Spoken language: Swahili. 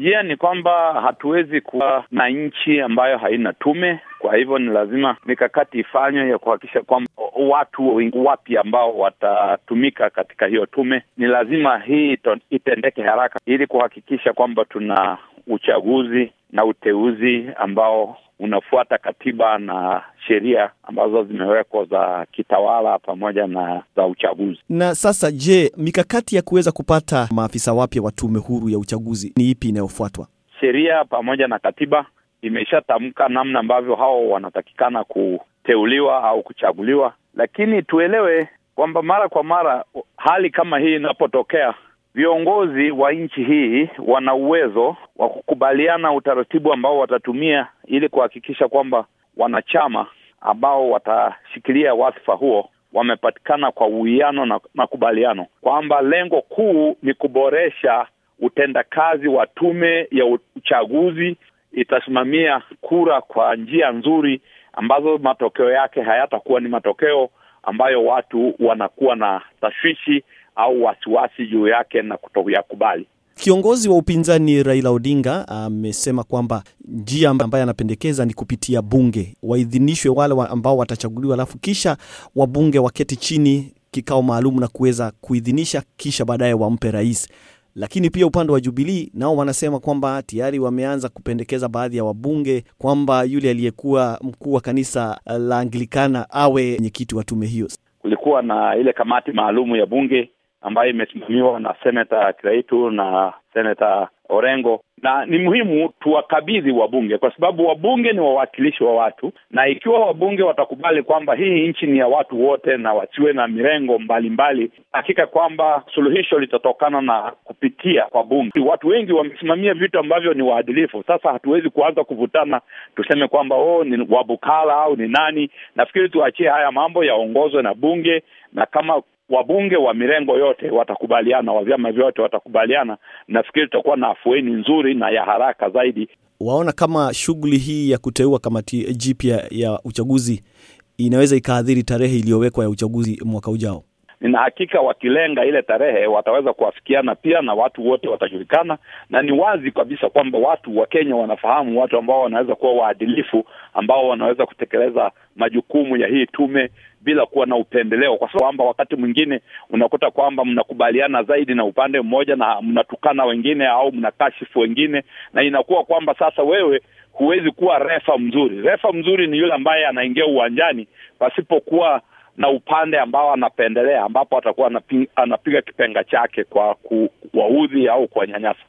Njia ni kwamba hatuwezi kuwa na nchi ambayo haina tume. Kwa hivyo ni lazima mikakati ifanywe ya kuhakikisha kwamba watu wapya ambao watatumika katika hiyo tume, ni lazima hii itendeke haraka ili kuhakikisha kwamba tuna uchaguzi na uteuzi ambao unafuata katiba na sheria ambazo zimewekwa za kitawala pamoja na za uchaguzi. Na sasa, je, mikakati ya kuweza kupata maafisa wapya wa tume huru ya uchaguzi ni ipi inayofuatwa? Sheria pamoja na katiba imeshatamka namna ambavyo hao wanatakikana kuteuliwa au kuchaguliwa, lakini tuelewe kwamba mara kwa mara hali kama hii inapotokea, viongozi wa nchi hii wana uwezo wa kukubaliana utaratibu ambao watatumia ili kuhakikisha kwamba wanachama ambao watashikilia wadhifa huo wamepatikana kwa uwiano na makubaliano, kwamba lengo kuu ni kuboresha utendakazi wa tume ya uchaguzi. Itasimamia kura kwa njia nzuri ambazo matokeo yake hayatakuwa ni matokeo ambayo watu wanakuwa na tashwishi au wasiwasi juu yake na kutoyakubali. Kiongozi wa upinzani Raila Odinga amesema kwamba njia ambayo anapendekeza ni kupitia bunge, waidhinishwe wale wa ambao watachaguliwa, alafu kisha wabunge waketi chini kikao maalum na kuweza kuidhinisha, kisha baadaye wampe rais. Lakini pia upande wa Jubilii nao wanasema kwamba tayari wameanza kupendekeza baadhi ya wabunge kwamba yule aliyekuwa mkuu wa kanisa eh, la Anglikana awe mwenyekiti wa tume hiyo. Kulikuwa na ile kamati maalum ya bunge ambayo imesimamiwa na senata Kiraitu na senata Orengo, na ni muhimu tuwakabidhi wabunge, kwa sababu wabunge ni wawakilishi wa watu, na ikiwa wabunge watakubali kwamba hii nchi ni ya watu wote na wasiwe na mirengo mbalimbali, hakika kwamba suluhisho litatokana na kupitia kwa bunge. Watu wengi wamesimamia vitu ambavyo ni waadilifu. Sasa hatuwezi kuanza kuvutana tuseme kwamba oh, ni Wabukala au ni nani. Nafikiri tuachie haya mambo yaongozwe na bunge, na kama wabunge wa mirengo yote watakubaliana, wa vyama vyote watakubaliana, nafikiri tutakuwa na afueni nzuri na ya haraka zaidi. Waona kama shughuli hii ya kuteua kamati jipya ya uchaguzi inaweza ikaathiri tarehe iliyowekwa ya uchaguzi mwaka ujao? nina hakika wakilenga ile tarehe wataweza kuwafikiana pia na watu wote watajulikana, na ni wazi kabisa kwamba watu wa Kenya wanafahamu watu ambao wanaweza kuwa waadilifu, ambao wanaweza kutekeleza majukumu ya hii tume bila kuwa na upendeleo, kwa sababu kwamba wakati mwingine unakuta kwamba mnakubaliana zaidi na upande mmoja na mnatukana wengine au mnakashifu wengine, na inakuwa kwamba sasa wewe huwezi kuwa refa mzuri. Refa mzuri ni yule ambaye anaingia uwanjani pasipokuwa na upande ambao anapendelea, ambapo atakuwa anapiga kipenga chake kwa kuwaudhi au kuwanyanyasa.